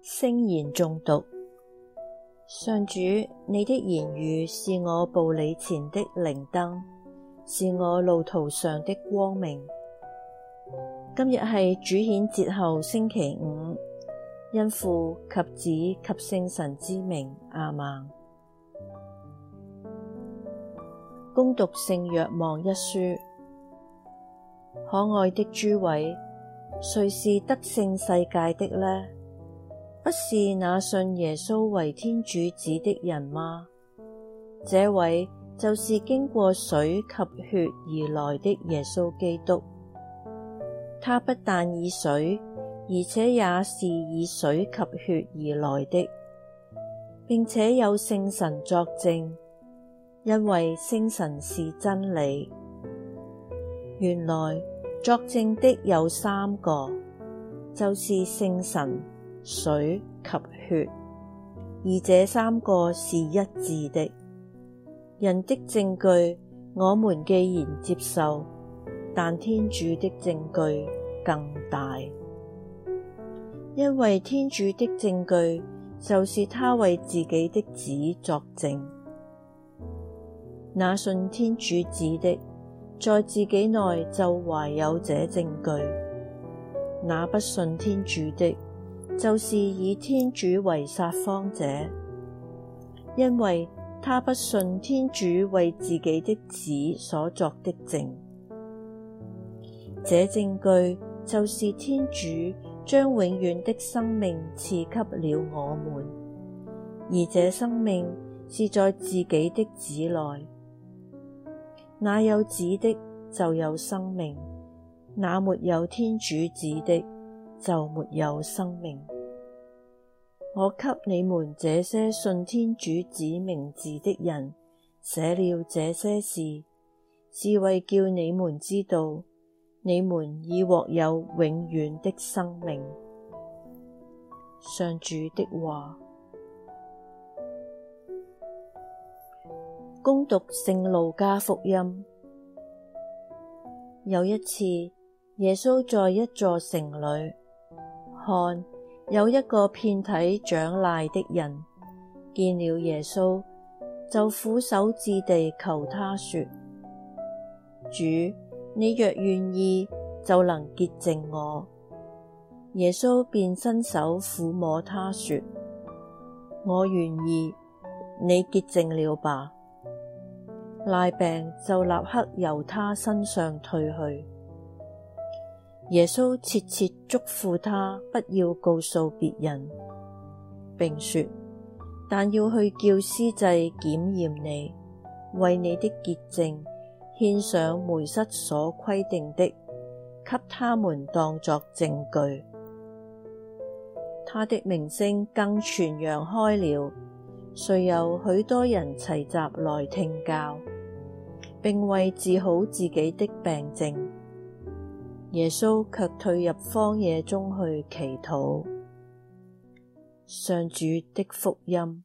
聖言誦讀，上主，你的言語是我步履前的靈燈，是我路途上的光明。今日係主顯節後星期五。因父及子及聖神之名，阿孟。恭讀聖若望一書，可愛的諸位，誰是得勝世界的呢？不是那信耶穌為天主子的人嗎？這位就是經過水及血而來的耶穌基督。他不但以水。而且也是以水及血而來的，並且有聖神作證，因為聖神是真理。原來作證的有三個，就是聖神、水及血，而這三個是一致的。人的證據我們既然接受，但天主的證據更大。因為天主的證據就是他為自己的子作證，那信天主子的，在自己內就懷有這證據；那不信天主的，就是以天主為撒謊者，因為他不信天主為自己的子所作的證。這證據就是天主。將永遠的生命賜給了我們，而這生命是在自己的子內。那有子的，就有生命；那沒有天主子的，就沒有生命。我給你們這些信天主子名字的人，寫了這些事，是為叫你們知道。你們已獲有永遠的生命。上主的話，恭讀聖路加福音。有一次，耶穌在一座城裏，看，有一個遍體長癩的人，見了耶穌，就俯首至地求他說：主。你若願意，就能潔淨我。耶穌便伸手撫摸他說，說：我願意，你潔淨了吧。癩病就立刻由他身上退去。耶穌切切囑咐他不要告訴別人，並說：但要去叫司祭檢驗你，為你的潔淨。獻上梅瑟所規定的，給他們當作證據。他的名聲更傳揚開了，遂有許多人齊集來聽教，並為治好自己的病症。耶穌卻退入荒野中去祈禱。上主的福音。